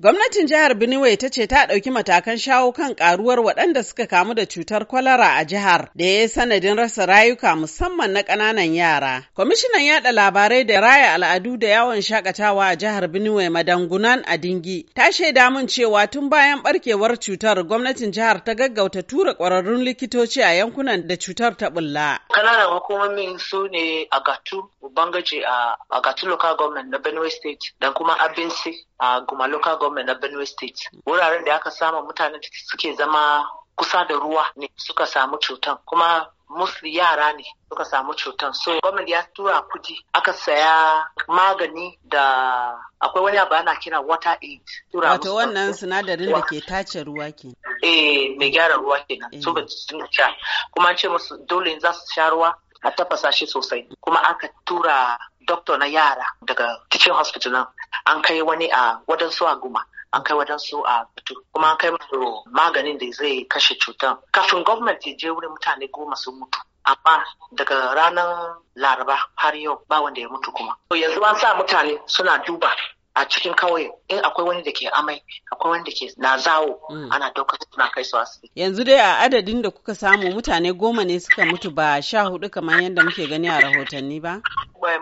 Gwamnatin jihar Benue ta ce ta ɗauki matakan shawo kan ƙaruwar waɗanda suka kamu da cutar kwalara a jihar da ya yi sanadin rasa rayuka musamman na ƙananan yara. Kwamishinan yaɗa labarai da raya al'adu da yawon shakatawa a jihar Benue madangunan a dingi ta shaida mun cewa tun bayan ɓarkewar cutar gwamnatin jihar ta gaggauta tura ƙwararrun likitoci a yankunan da cutar ta ɓulla. Ƙananan hukumomin su ne Agatu, Ubangaji a Agatu Local Government na Benue State da kuma Abinsi a Guma Local Government government na Benue State. Wuraren da aka samu mutanen da suke zama kusa da ruwa ne suka samu cutan kuma musu yara ne suka samu cutan so gwamnati ya tura kudi aka saya magani da akwai wani abu ana kira water aid tura wato wannan sinadarin da ke tace ruwa ke eh mai gyara ruwa ke nan. Eh. so ba sha kuma an ce musu dole za su sha ruwa a tafasa shi sosai kuma aka tura doktor na yara daga cikin hospital nan an kai wani a wadansu a guma an kai su a bitu kuma an kai musu maganin da zai kashe cutar. kafin gwamnati je wurin mutane goma sun mutu amma daga ranar laraba har yau ba wanda ya mutu kuma yanzu an sa mutane suna duba a cikin kawai in akwai wani da ke amai akwai wani da ke na zawo mm. ana daukar suna kai su asibiti. Yanzu dai a adadin da kuka samu mutane goma ne suka mutu ba sha hudu kamar yadda muke gani a rahotanni ba?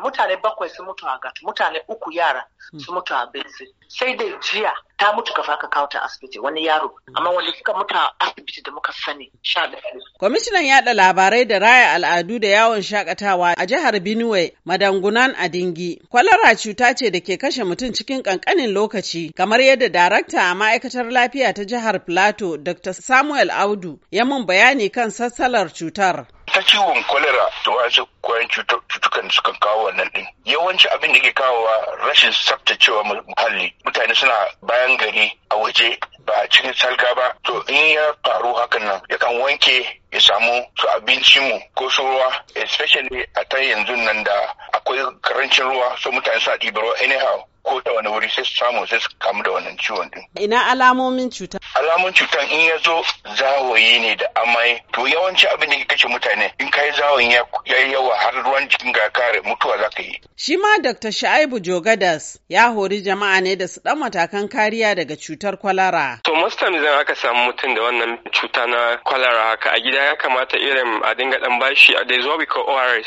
Mutane bakwai sun mutu a gata, mutane uku yara mm. sun mutu a benzi. Sai dai jiya ta mutu ka faka kawo ta asibiti wani yaro amma wanda suka mutu a asibiti da muka sani sha da kwamishinan yaɗa labarai da raya al'adu da yawon shakatawa a jihar benue madangunan adingi kwalara cuta ce da ke kashe mutum cikin kankanin lokaci kamar yadda darakta a ma'aikatar lafiya ta jihar plateau dr samuel audu ya mun bayani kan sassalar cutar ta ciwon kwalera da wasu kwayan cutukan suka kawo wannan din yawanci abin da ke kawowa rashin tsaftacewa muhalli mutane suna bayan gari a waje ba cikin salga ba to in ya faru hakan nan yakan wanke ya samu su abinci mu ko su ruwa especially a ta yanzu nan da akwai karancin ruwa so mutane suna ɗibar anyhow ko ta wani wuri sai su samu sai su kamu da wannan ciwon din. Ina alamomin cuta? Alamomin cutan in ya zo zawayi ne da amai to yawanci abin da ke kashe mutane in kai yi ya yi yawa har ruwan jikin ga kare mutuwa za ka yi. Shi ma Dr. Sha'ibu Jogadas ya hori jama'a ne da su ɗan matakan kariya daga cutar kwalara. To most idan aka samu mutum da wannan cuta na kwalara haka a gida ya kamata irin a dinga ɗan bashi a dai zuwa ORS.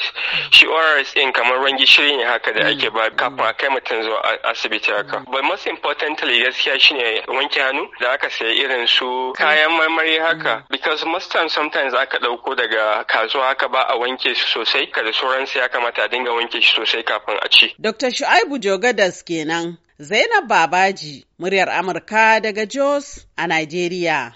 Shi ORS ɗin kamar ruwan gishiri ne haka da ake ba kafin a kai mutum zuwa asibiti haka mm. but most importantly gaskiya shine wanke hannu da aka sayi irin su kayan marmari haka mm. because most times sometimes aka dauko daga kasuwa haka ba a wanke su sosai kada sauransu ya kamata a dinga wanke shi sosai kafin a ci dr shu'aibu jogadas kenan zainab babaji muryar amurka daga jos a nigeria